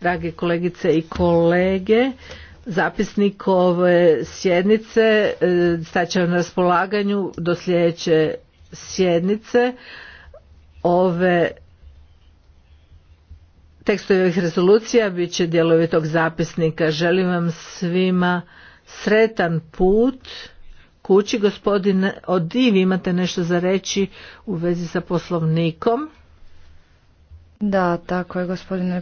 Drage kolegice i kolege, zapisnik ove sjednice e, staće na raspolaganju do sljedeće sjednice. Ove tekstove ovih rezolucija bit će dijelovi tog zapisnika. Želim vam svima sretan put kući. Gospodine Odi, imate nešto za reći u vezi sa poslovnikom. Da, tako je gospodine